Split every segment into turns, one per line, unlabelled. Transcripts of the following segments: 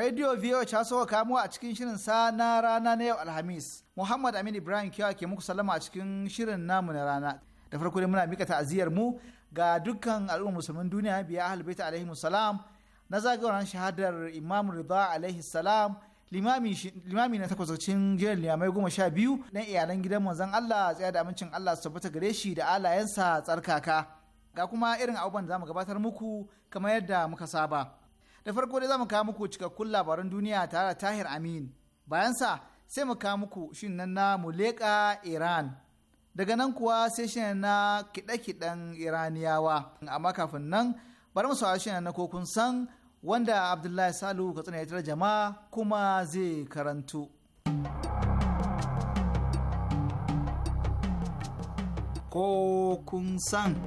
Radio VOH ta so kamu a cikin shirin sa na rana na yau Alhamis. Muhammad Amin Ibrahim Kiyawa ke muku salama a cikin shirin namu na rana. Da farko dai muna mika ta'aziyar mu ga dukkan al'ummar musulmin duniya biya ahlul bait alaihi salam na zagayowar shahadar Imam Rida alaihi salam limami na takwas cikin jiran limamai goma sha biyu na iyalan gidan manzon Allah tsaya da amincin Allah su tabbata gare shi da alayensa tsarkaka. Ga kuma irin abubuwan da za mu gabatar muku kamar yadda muka saba. da farko dai za mu kawo muku cikakkun labaran duniya tare da tahir amin bayansa sai mu kawo muku shin nan na muleka iran daga nan kuwa sai ne na kiɗe-kiɗen iraniyawa amma kafin nan bari mu saurari shi na kokun san wanda abdullahi salu katsina ya tara jama'a kuma zai karantu. kokun san.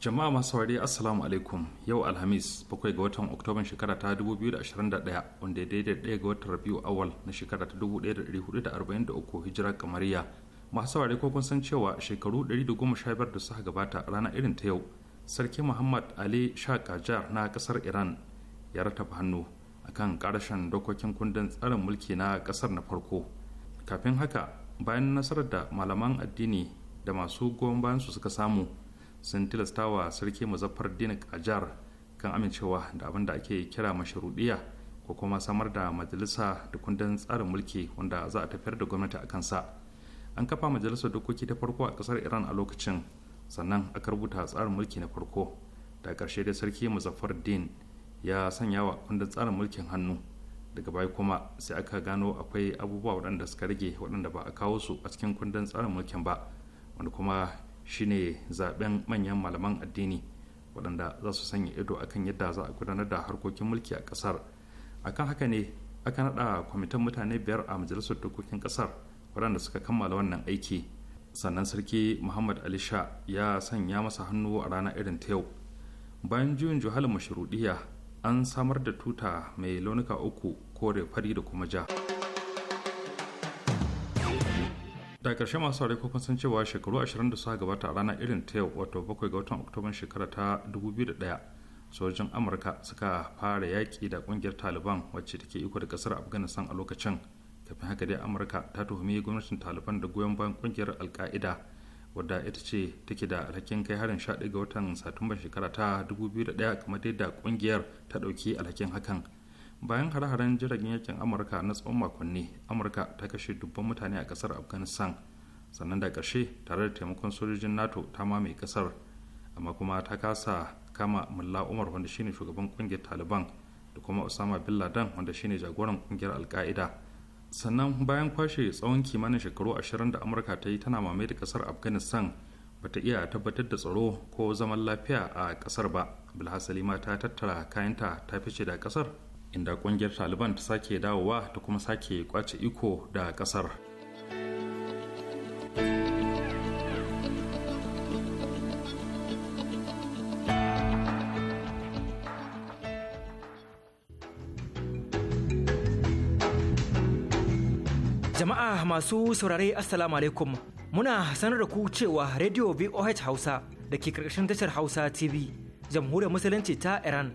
jama'a masu saurari assalamu alaikum yau alhamis bakwai ga watan oktoban shekara ta 2021 wanda daidai daya ga watan rabiu awal na shekara ta 1443 hijira kamariya masu saurari ko kun san cewa shekaru 115 da suka gabata rana irin ta yau sarki muhammad ali shah qajar na kasar iran ya rataba hannu akan karashen dokokin kundin tsarin mulki na kasar na farko kafin haka bayan nasarar da malaman addini da masu goyon bayan su suka samu sun tilasta wa sarki muzaffar a jihar kan amincewa da abin da ake kira mashruɗiya ko kuma samar da majalisa da kundin tsarin mulki wanda za a tafiyar da gwamnati a kansa an kafa majalisar dokoki ta farko a kasar iran a lokacin sannan aka rubuta tsarin mulki na farko da ƙarshe da sarki muzaffar din ya sanya wa kundin tsarin mulkin hannu daga baya kuma sai aka gano akwai abubuwa waɗanda suka rage waɗanda ba a kawo su a cikin kundin tsarin mulkin ba wanda kuma shine zaben manyan malaman addini waɗanda za su sanya ido akan yadda za a gudanar da harkokin mulki a ƙasar akan haka ne aka naɗa kwamitin mutane biyar a majalisar dokokin ƙasar waɗanda suka kammala wannan aiki sannan sarki muhammad ali sha ya sanya masa hannu a rana irin ta yau bayan juyin juhalin mashruɗiya an samar da tuta mai launuka uku kore fari da kuma ja. da ƙarshe masu saurari ko san cewa shekaru 20 da suka gabata a ranar irin ta yau wato 7 ga watan oktoban shekara ta 2001 sojin amurka suka fara yaƙi da ƙungiyar taliban wacce take iko da ƙasar afghanistan a lokacin kafin haka dai amurka ta tuhumi gwamnatin taliban da goyon bayan ƙungiyar alka'ida wadda ita ce take da alhakin kai harin 11 ga watan satumba shekara ta 2001 kamar dai da ƙungiyar ta ɗauki alhakin hakan bayan hare-haren jiragen yakin amurka na tsawon makonni amurka ta kashe dubban mutane a kasar afghanistan sannan da ƙarshe tare da taimakon sojojin nato ta mamaye kasar amma kuma ta kasa kama mulla umar wanda shine shugaban kungiyar taliban da kuma osama bin laden wanda shine jagoran kungiyar alka'ida sannan bayan kwashe tsawon kimanin shekaru ashirin da amurka ta yi tana mamaye da kasar afghanistan bata iya tabbatar da tsaro ko zaman lafiya a kasar ba bilhassali ma ta tattara kayanta ta fice da kasar inda kungiyar taliban ta sake dawowa ta kuma sake kwace iko da kasar
jama'a masu saurare assalamu alaikum muna sanar da ku cewa radio voh hausa da ke karkashin tashar hausa tv jamhuriyar musulunci ta iran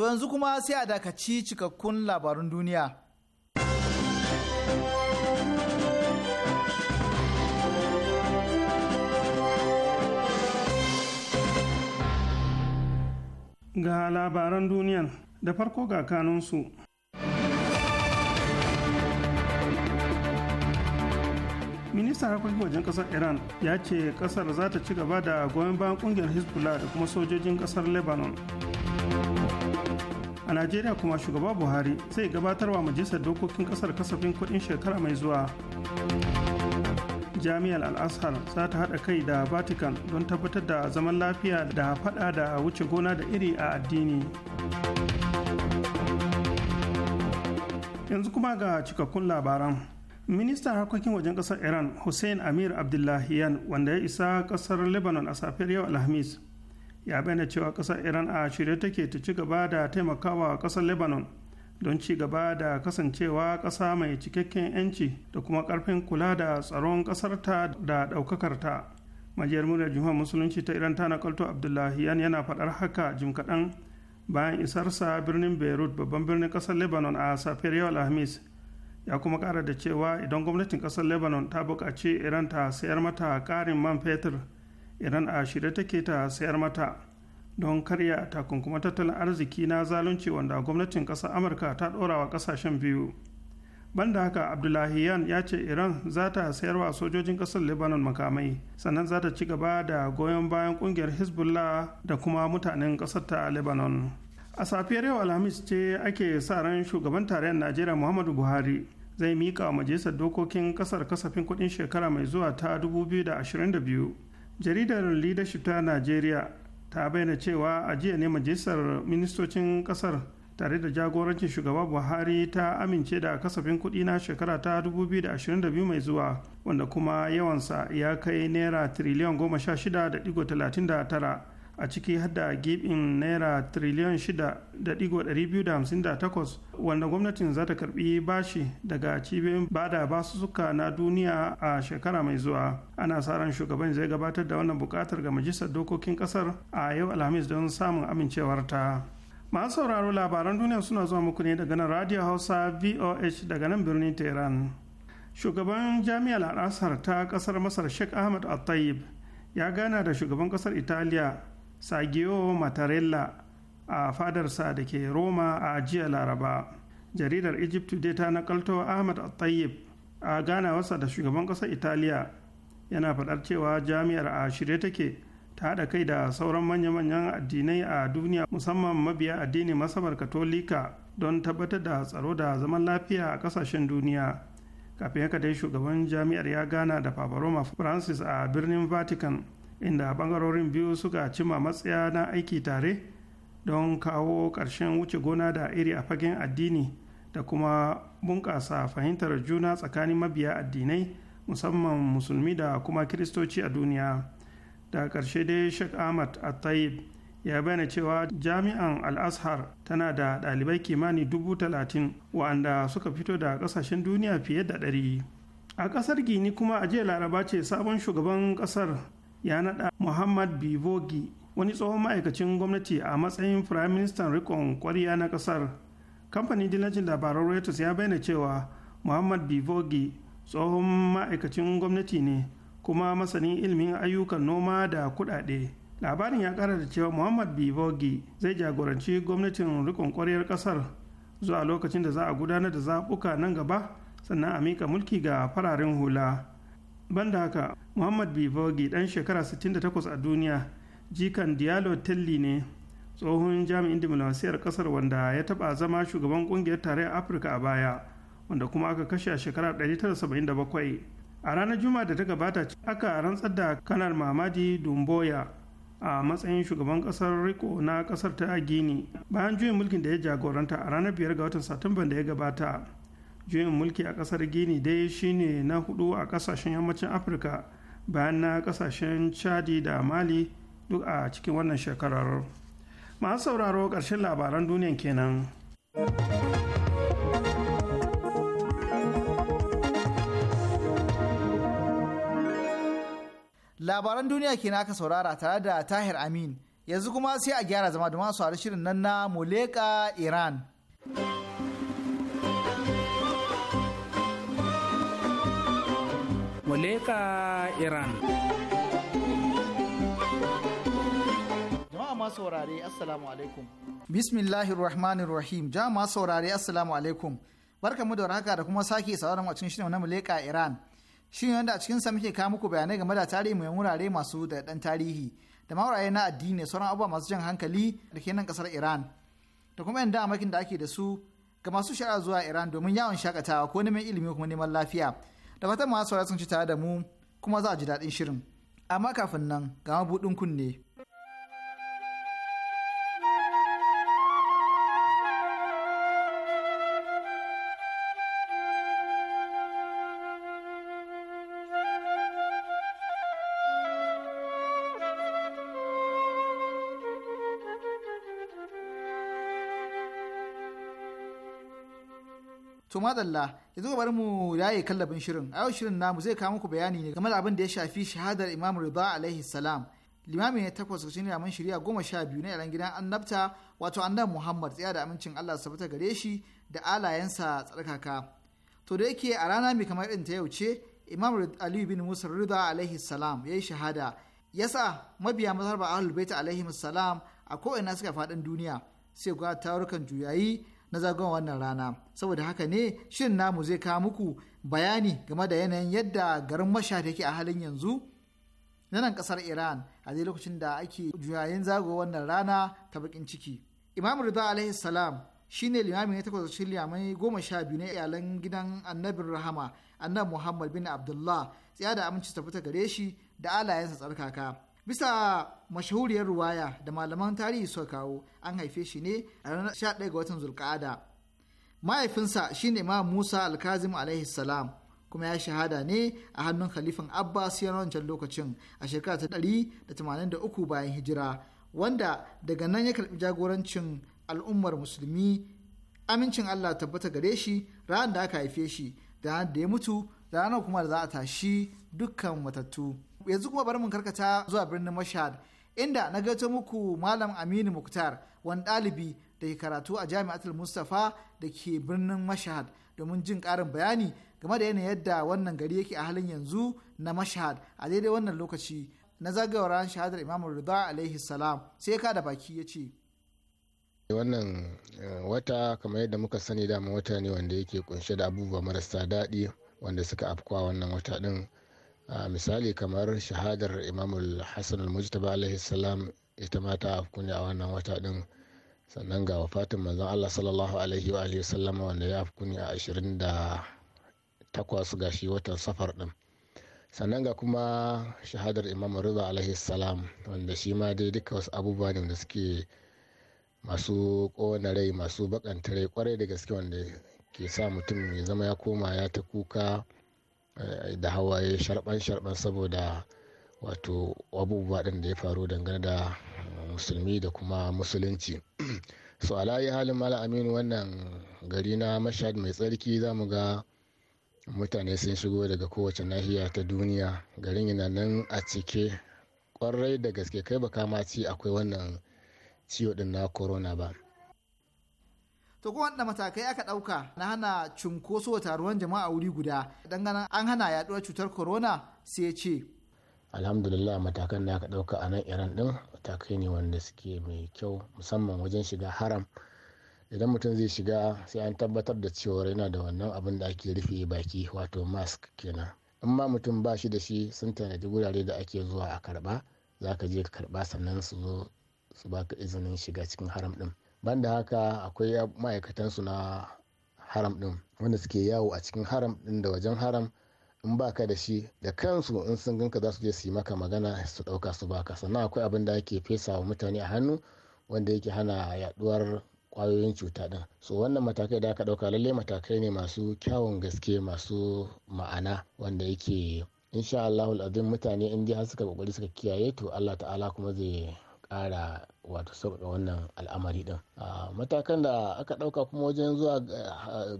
To yanzu kuma sai a dakaci cikakkun labarun duniya.
Ga labaran duniyan da farko ga kanunsu. ministan harkokin wajen ƙasar iran ya ce ƙasar za ta ci gaba da goyon bayan kungiyar hezbollah da kuma sojojin ƙasar lebanon a najeriya kuma shugaba buhari zai gabatar wa majalisar dokokin kasar kasafin kudin shekara mai zuwa jami'ar al-azhar za ta haɗa kai da vatican don tabbatar da zaman lafiya da faɗa da wuce gona da iri a addini yanzu kuma ga cikakkun labaran ministan harkokin wajen ƙasar iran hussein amir abdullahiyan wanda ya isa ƙasar lebanon a safiyar yau alhamis ya bayyana cewa ƙasar iran a shirye take ta ci gaba da taimakawa ƙasar lebanon don ci gaba da kasancewa ƙasa mai cikakken 'yanci da kuma karfin kula da tsaron ƙasarta da daukakarta majiyar muryar jihar musulunci ta iran ta nakalto yan yana faɗar haka jim kaɗan bayan isarsa birnin beirut babban birnin ƙasar lebanon a safiyar yau alhamis ya kuma kara da cewa idan gwamnatin ƙasar lebanon ta buƙaci iran ta sayar mata ƙarin man fetur iran a shirye take ta sayar mata don karya takunkuma tattalin arziki na zalunci wanda gwamnatin ƙasar amurka ta ɗora wa ƙasashen biyu banda haka abdullahiyan ya ce iran za ta sayar wa sojojin ƙasar lebanon makamai sannan za ta ci gaba da goyon bayan ƙungiyar hezbollah da kuma mutanen ƙasar ta lebanon a safiyar yau alhamis ce ake sa ran shugaban tarayyar najeriya muhammadu buhari zai mika wa majalisar dokokin ƙasar kasafin kuɗin shekara mai zuwa ta 2022 jaridar leadership ta najeriya ta bayyana cewa a jiya ne majalisar ministocin kasar tare da jagorancin shugaba buhari ta amince da kasafin kuɗi na shekara ta 2022 mai zuwa wanda kuma yawansa ya kai naira tiriliyan 16.39 a ciki hada gibin naira triliyan 6.258 wanda gwamnatin za ta karbi bashi daga cibiyoyin bada basussuka na duniya a shekara mai zuwa ana sa ran shugaban zai gabatar da wannan bukatar ga majalisar dokokin kasar a yau alhamis don samun amincewarta masu sauraro labaran duniya suna zuwa muku ne daga nan radio hausa voh daga nan birnin tehran shugaban jami'ar al'asar ta kasar masar sheikh ahmad al ya gana da shugaban kasar italiya sagio Matarella a fadarsa da ke roma a jiya laraba jaridar egypt dai ta nakalto ahmad al-tayyib a ganawarsa da shugaban ƙasar italiya yana faɗar cewa jami'ar a shirye take ta haɗa kai da sauran manya-manyan addinai a duniya musamman mabiya addini masabar katolika don tabbatar da tsaro da zaman lafiya a ƙasashen duniya kafin haka dai shugaban jami'ar ya gana da papa roma francis a birnin vatican inda bangarorin biyu suka cima matsaya na aiki tare don kawo ƙarshen wuce gona da iri a fagen addini da kuma bunƙasa fahimtar juna tsakanin mabiya addinai musamman musulmi da kuma kiristoci a duniya da ƙarshe dai sheikh ahmad attayib ya bayyana cewa jami'an al-azhar tana da ɗalibai kimanin dubu talatin wa'anda suka fito da ƙasashen duniya fiye da ɗari a ƙasar gini kuma a jiya laraba ce sabon shugaban ƙasar ya naɗa muhammad bivogi wani tsohon ma'aikacin gwamnati a matsayin firaministan rikon kwariya na ƙasar kamfanin dinajin labaran reuters ya bayyana cewa muhammad bivogi tsohon ma'aikacin gwamnati ne kuma masanin ilimin ayyukan noma da kuɗaɗe labarin ya ƙara da cewa muhammad bivogi zai jagoranci gwamnatin rikon kwariyar ƙasar zuwa lokacin da za a gudanar da zaɓuka nan gaba sannan a mika mulki ga fararen hula banda haka muhammad bivogi dan shekara 68 a duniya jikan diallo telli ne tsohon jami'in diplomasiyar kasar wanda ya taba zama shugaban kungiyar tarayyar afirka a baya wanda kuma aka kashe a shekara 1977 a ranar juma'a da ta gabata aka rantsar da kanar mamadi dumboya a matsayin shugaban kasar riko na kasar ta gini bayan juyin mulkin da ya jagoranta a ranar biyar ga watan satumban da ya gabata juyin mulki a kasar gini dai shine na hudu a kasashen yammacin afirka bayan na kasashen chadi da mali duk a cikin wannan shekarar masu sauraro karshen labaran duniyan kenan
labaran duniya kenan aka saurara tare da tahir amin yanzu kuma sai a gyara zama da masu shirin nan na muleka iran. Moleka Iran. Jama'a masu saurare Assalamu alaikum. Bismillahir Rahmanir Rahim. Jama'a masu saurare Assalamu alaikum. Barkamu da warhaka da kuma sake sauraron a cikin shirin na Muleka Iran. Shin wanda a cikin sa muke kawo muku bayanai game da tarihi mai wurare masu da dan tarihi da mawuraye na addini sauran abubuwa masu jan hankali da ke nan kasar Iran. Da kuma yanda amakin da ake da su ga masu shara zuwa Iran domin yawon shakatawa ko neman ilimi kuma neman lafiya. da fatan masu saurara sun ci tare da mu kuma za a ji daɗin shirin amma kafin nan ga mabuɗin kunne. To madalla yanzu bari mu yaye kallabin shirin a yau shirin namu zai kawo muku bayani ne game da abin da ya shafi shahadar imam rida alaihi salam limami ne takwas cikin limamin shari'a goma sha biyu na yaran gidan annabta wato annan muhammad tsaya da amincin allah su fita gare shi da alayensa tsarkaka to da yake a rana mai kamar irin ta yau ce imam aliyu bin musa rida alaihi salam ya yi shahada yasa mabiya mazhar ba ahlul bait alaihi salam a ko'ina suka faɗin duniya sai ga tarukan juyayi na zagon wannan rana saboda haka ne shirin namu zai kawo muku bayani game da yanayin yadda garin masha yake a halin yanzu na nan kasar iran a zai lokacin da ake juyayin zagon wannan rana ta bakin ciki imamu rida alaihi salam shi ne limamin ya takwas shirya limamai goma sha biyu na iyalan gidan annabin rahama annabi muhammad bin abdullah tsaya da aminci ta fita gare shi da alayensa tsarkaka bisa mashahuriyar ruwaya da malaman tarihi suka kawo an haife shi ne a ranar 11 ga watan zulka'ada mahaifinsa shi ne ma musa alkazim alaihi salam kuma ya shahada ne a hannun khalifan abbas ya wancan lokacin a shekara ta 183 bayan hijira wanda daga nan ya karbi jagorancin al'ummar musulmi amincin allah tabbata gare shi ranar da aka haife shi da ranar da ya mutu da ranar kuma da za a tashi dukkan matattu yanzu kuma bari mun karkata zuwa birnin mashhad inda na gaito muku malam aminu muktar wani ɗalibi da ke karatu a jami'atul mustapha da ke birnin mashhad domin jin karin bayani game da yanayin yadda wannan gari yake a halin yanzu na mashhad a daidai wannan lokaci na zagayowar shahadar imam rida alaihi salam sai ka da baki ya ce
wannan eh, wata kamar yadda muka sani dama wata ne wanda yake kunshe da abubuwa marasa daɗi wanda suka afkwa wannan wata din. misali kamar shahadar imamul hassan al-mujtaba alaihi salam ita ma ta afku ne a wannan wata din sannan ga wafatin manzon Allah sallallahu alaihi wa alihi sallama wanda ya afku ne a 28 ga shi watan safar din sannan ga kuma shahadar imam rida alaihi salam wanda shi ma dai duka wasu abubuwa ne da suke masu kona rai masu bakanta rai kwarai da gaske wanda ke sa mutum ya zama ya koma ya ta kuka Eh, da hawaye sharban-sharban saboda wato abubuwa ɗin da ya faru dangane da musulmi da kuma musulunci so alayi halin malam aminu wannan gari na mashad mai tsarki za mu ga mutane sun shigo daga kowace nahiya ta duniya garin yana nan a cike kwarai da gaske kai baka ma ci akwai wannan ciwo din na corona ba
to ko wanda matakai aka ɗauka na hana cunkoso taruwan jama'a wuri guda dangana an hana yaduwar cutar corona sai ya ce
alhamdulillah matakan da aka ɗauka a nan iran ɗin matakai ne wanda suke mai kyau musamman wajen shiga haram idan mutum zai shiga sai an tabbatar da cewa yana da wannan abin da ake rufe baki wato mask kenan in ma mutum ba shi da shi sun tanadi wurare da ake zuwa a karba za ka je ka karba sannan su zo su baka izinin shiga cikin haram din banda haka akwai ma'aikatansu na haram din wanda suke yawo a cikin haram din da wajen haram in baka da shi da kansu in sun ganka za su je su yi maka magana su dauka su baka sannan akwai abin da ake fesa wa mutane a hannu wanda yake hana yaduwar kwayoyin cuta din so wannan matakai da aka ɗauka lallai matakai ne masu kyawun gaske masu ma'ana wanda yake insha allah mutane in dai har suka kokari suka kiyaye to Allah ta'ala kuma zai kara. wato sauƙaƙa wannan al'amari din matakan da aka ɗauka kuma wajen zuwa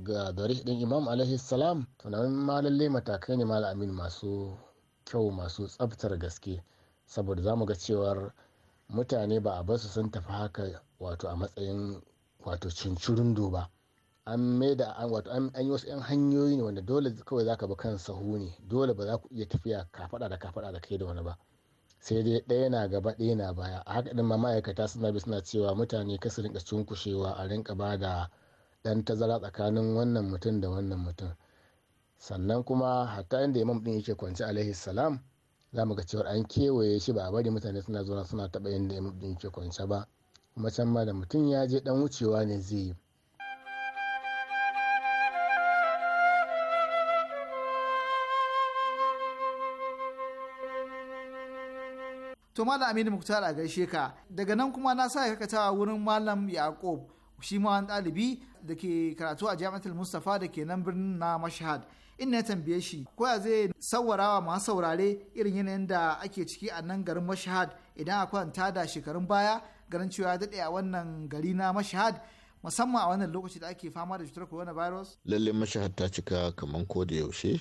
ga dare din imam alaihi salam tunanin ma lalle matakai ne mala amin masu kyau masu tsabtar gaske saboda za mu ga cewar mutane ba a basu sun tafi haka wato a matsayin wato cincirin ba an maida an wato an yi wasu yan hanyoyi ne wanda dole kawai zaka bi kan sahu ne dole ba za ku iya tafiya kafaɗa da kafaɗa da kai da wani ba sai dai ɗaya na gaba ɗaya na baya a haka ɗin ma'aikata suna bi suna cewa mutane kasa rinka cunkushewa a rinka ba da ɗan tazara tsakanin wannan mutum da wannan mutum sannan kuma hatta inda imam ɗin yake kwance alaihi salam za mu ga cewar an kewaye shi ba a bari mutane suna zuwa suna taɓa inda imam din yake kwance ba kuma can ma da mutum ya je dan wucewa ne zai yi
to malam aminu muktar a gaishe ka daga nan kuma na sa kakatawa wurin malam yaqub shi ma wani ɗalibi da ke karatu a jami'atul mustafa da ke nan birnin na mashhad inda ya tambaye shi ko ya zai sawarawa masu saurare irin yanayin da ake ciki a nan garin mashhad idan a kwanta da shekarun baya garin cewa daɗe a wannan gari na mashhad musamman a wannan lokaci da ake fama da cutar coronavirus.
Lallai mashahad ta cika kamar ko da yaushe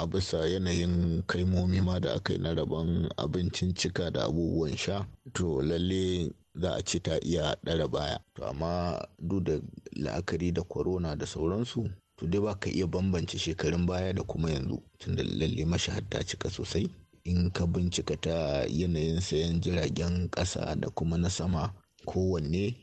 a bisa yanayin kaimomi ma da aka yi na rabon abincin cika da abubuwan sha to lalle za a ce ta iya ɗara baya to amma duk da la'akari da corona da sauransu to dai ba ka iya bambance shekarun baya da kuma yanzu tunda lalle mashahar ta cika sosai in ka bincika ta yanayin sayan jiragen ƙasa da kuma na sama kowanne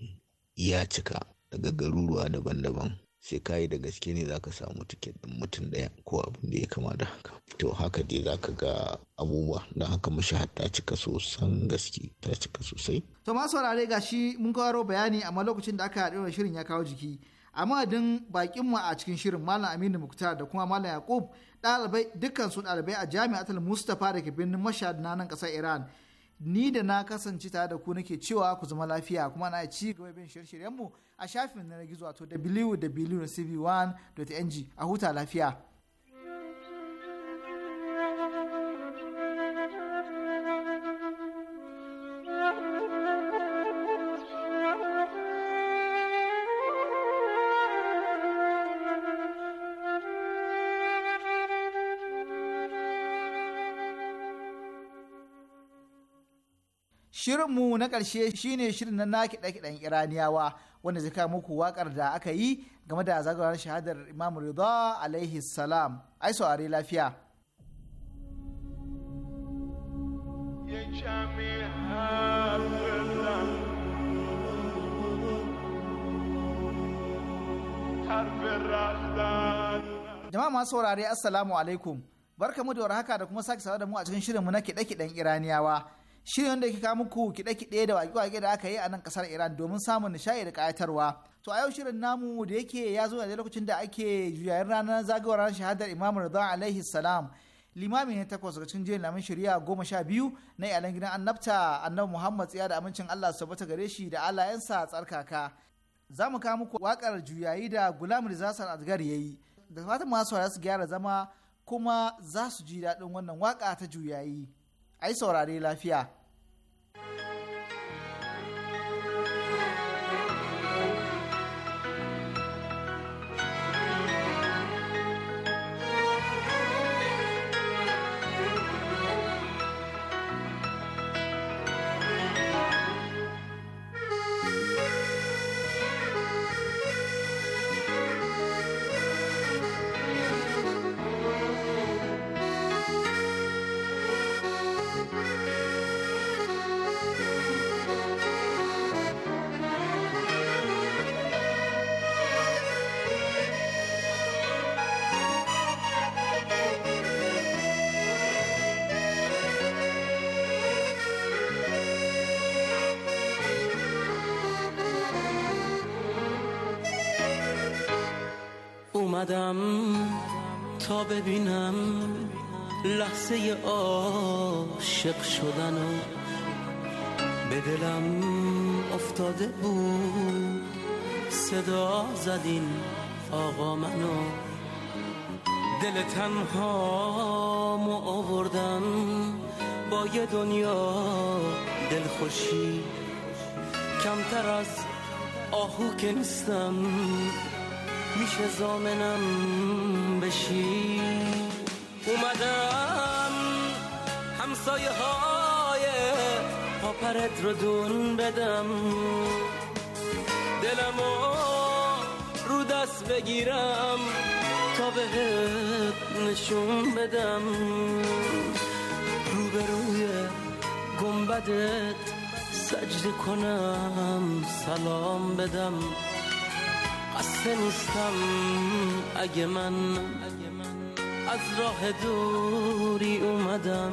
ya cika daga garuruwa daban-daban sai ka yi da gaske ne za ka samu tiket ɗin mutum ɗaya ko abin da ya kama da haka to haka dai za ka ga abubuwa don haka mashi ta cika sosan
gaske ta cika sosai.
to ma saurare ga shi mun kawo bayani amma lokacin da aka haɗu da shirin ya kawo jiki amma din bakin mu a cikin shirin malam aminu muktar da kuma malam yakub ɗalibai dukkan su ɗalibai a jami'atul mustapha da ke birnin mashhad na nan ƙasar iran ni da na kasance tare da ku nake cewa ku zama lafiya kuma na ci gaba bin shirye-shiryenmu a shafin na gizo wato www.cb1.ng a huta lafiya. Shirinmu na ƙarshe shine shirin na kiɗe-kiɗen Iraniyawa wanda zai kawo muku waƙar da aka yi game da zagayowar shahadar Imam Rida alaihi salam. Ai saurari lafiya. jama'a masu saurari assalamu alaikum mu da haka da kuma sake sawa da mu a cikin shirinmu na kiɗe-kiɗen iraniyawa shirin wanda ke kawo muku kiɗe-kiɗe da waƙe-waƙe da aka yi a nan ƙasar Iran domin samun nishaɗi da ƙayatarwa. To a yau shirin namu da yake ya zo a lokacin da ake juyayin ranar zagawar ranar shahadar Imam Rida alaihi salam. Limami ne takwas daga cikin jerin lamin shari'a goma sha biyu na iyalan gidan annabta annabi Muhammad tsiya da amincin Allah su bata gare shi da alayensa tsarkaka. Za mu kawo muku waƙar juyayi da Gulam Riza Sanadgar ya yi. Da fatan masu su gyara zama kuma za su ji daɗin wannan waka ta juyayi. ai saurare lafiya
اومدم تا ببینم لحظه عاشق شدن و به دلم افتاده بود صدا زدین آقا منو دل تنها مو آوردم با یه دنیا دلخوشی کمتر از آهو که نیستم میشه زامنم بشی اومدم همسایه های پاپرت رو دون بدم دلمو رو دست بگیرم تا بهت نشون بدم روبروی گنبدت سجده کنم سلام بدم خسته نیستم اگه من از راه دوری اومدم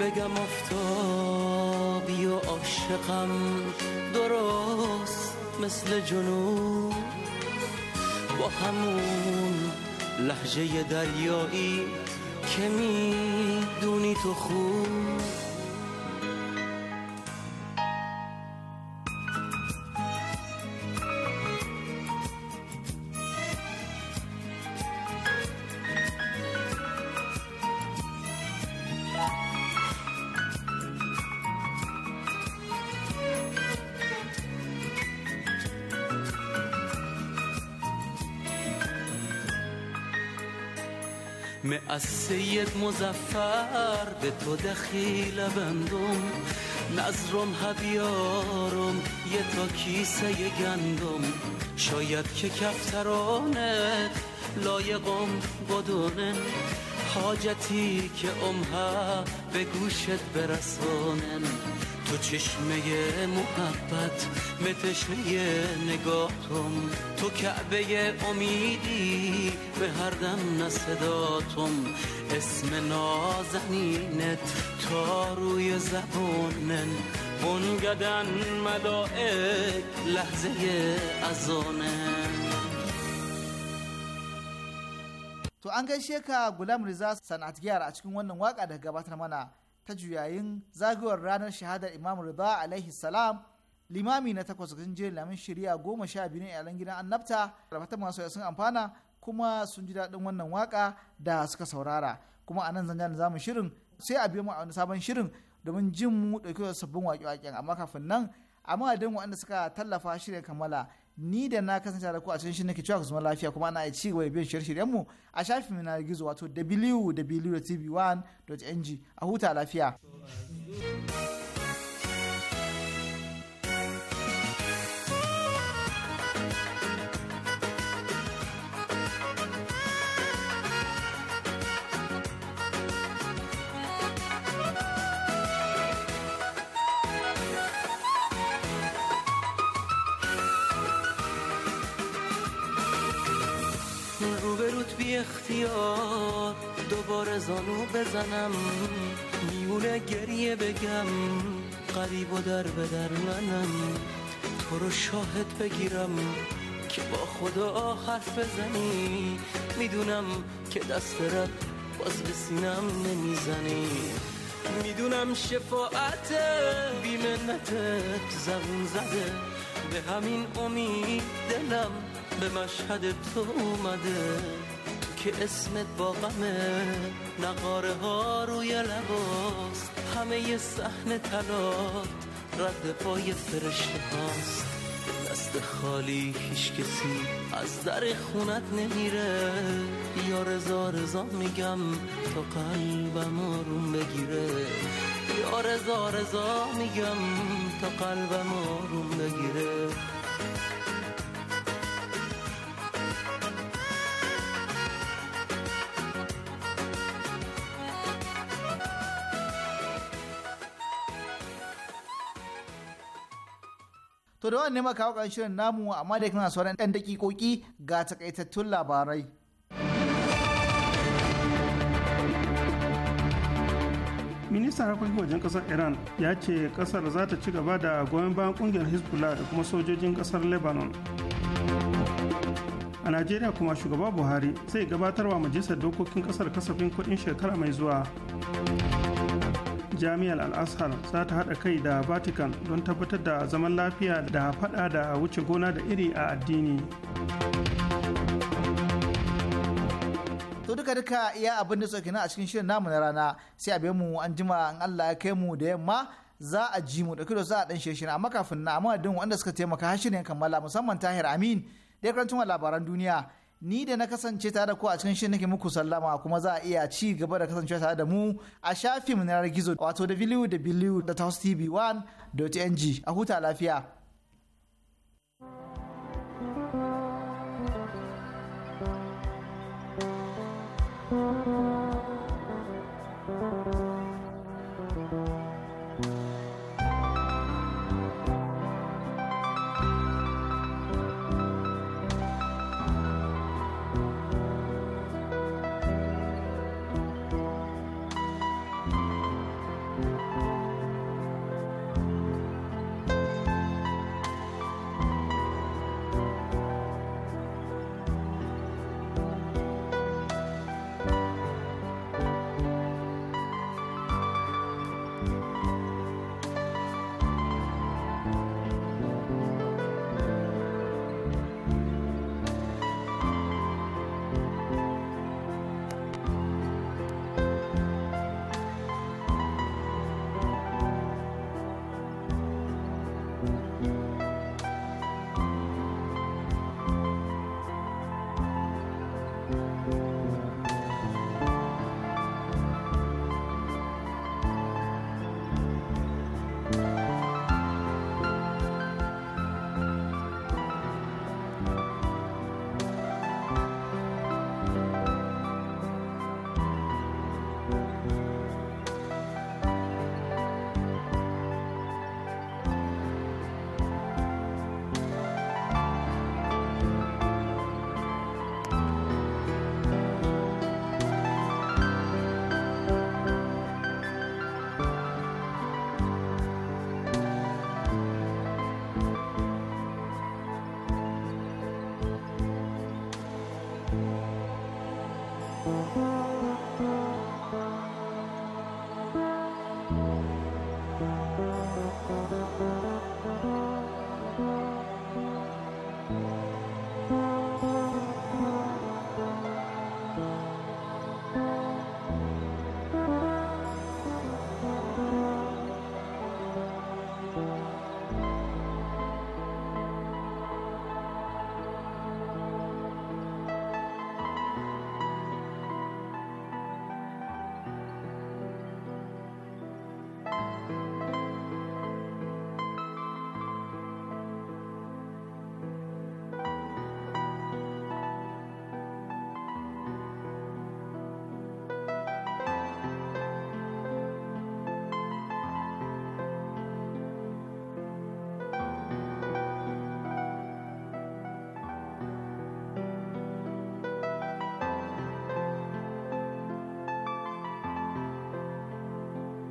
بگم افتابی و عاشقم درست مثل جنوب با همون لحجه دریایی که میدونی تو خوب مزفر به تو دخیل بندم نظرم هبیارم یه تا کیسه گندم شاید که کفترانت لایقم بدونه حاجتی که امها به گوشت برسانن تو چشمه محبت به تشنه نگاهتم تو کعبه امیدی به هر دم نصداتم اسم نازنینت تا روی زبونن بنگدن مدائک لحظه ازانن
To an gaishe ka Gulam Riza Sanat Giyar a cikin wannan waka da gabatar mana ta juyayin zagayowar ranar shahadar Imam riza alaihi salam limami na takwas cikin jerin lamin shari'a goma sha biyu ne a gidan annabta da fatan masu sun amfana kuma sun ji daɗin wannan waka da suka saurara kuma a nan zanjan zamu shirin sai a biyo mu a wani sabon shirin domin jin mu ɗauke da sabbin waƙe-waƙen amma kafin nan a madadin waɗanda suka tallafa shirya kammala ni da na kasance da ku a cikin shi nake cewa ku lafiya kuma ana ci gaba da biyan shirye-shiryenmu a shafin na gizo wato www.tv1.ng a huta lafiya.
اختیار دوباره زانو بزنم میونه گریه بگم قریب و در به در منم تو رو شاهد بگیرم که با خدا حرف بزنی میدونم که دست باز به سینم نمیزنی میدونم شفاعت بیمنتت زبون زده به همین امید دلم به مشهد تو اومده که اسمت با غمه نقاره ها روی لباس همه یه صحنه تلا رد پای فرشته هاست دست خالی هیچ کسی از در خونت نمیره یا رزا رزا میگم تا قلبم آروم بگیره یا رزا رزا میگم تا قلبم آروم بگیره
To da wannan ne maka kawo shirin namu amma da kana sauran ɗan dakikoki ga takaitattun labarai.
Ministan harkokin wajen ƙasar Iran ya ce ƙasar za ta ci gaba da goyon bayan ƙungiyar Hezbollah da kuma sojojin ƙasar Lebanon. A Najeriya kuma shugaba Buhari zai gabatarwa majalisar dokokin ƙasar kasafin kuɗin shekara mai zuwa. jami'ar al-azhar za ta haɗa kai da vatican don tabbatar da zaman lafiya da faɗa da wuce gona da iri a addini
to duka duka iya abin da suke a cikin shirin namu na rana sai a mu an jima in Allah ya kai mu da yamma za a ji mu da kiro za a dan shirin amma kafin na amma din wanda suka taimaka har shirin kammala musamman Tahir Amin da karantun labaran duniya ni da na kasance tare da ku a cikin shirin nake muku sallama kuma za a iya ci gaba da kasancewa tare da mu a shafin na gizo wato da www.housetv1.ng a huta lafiya.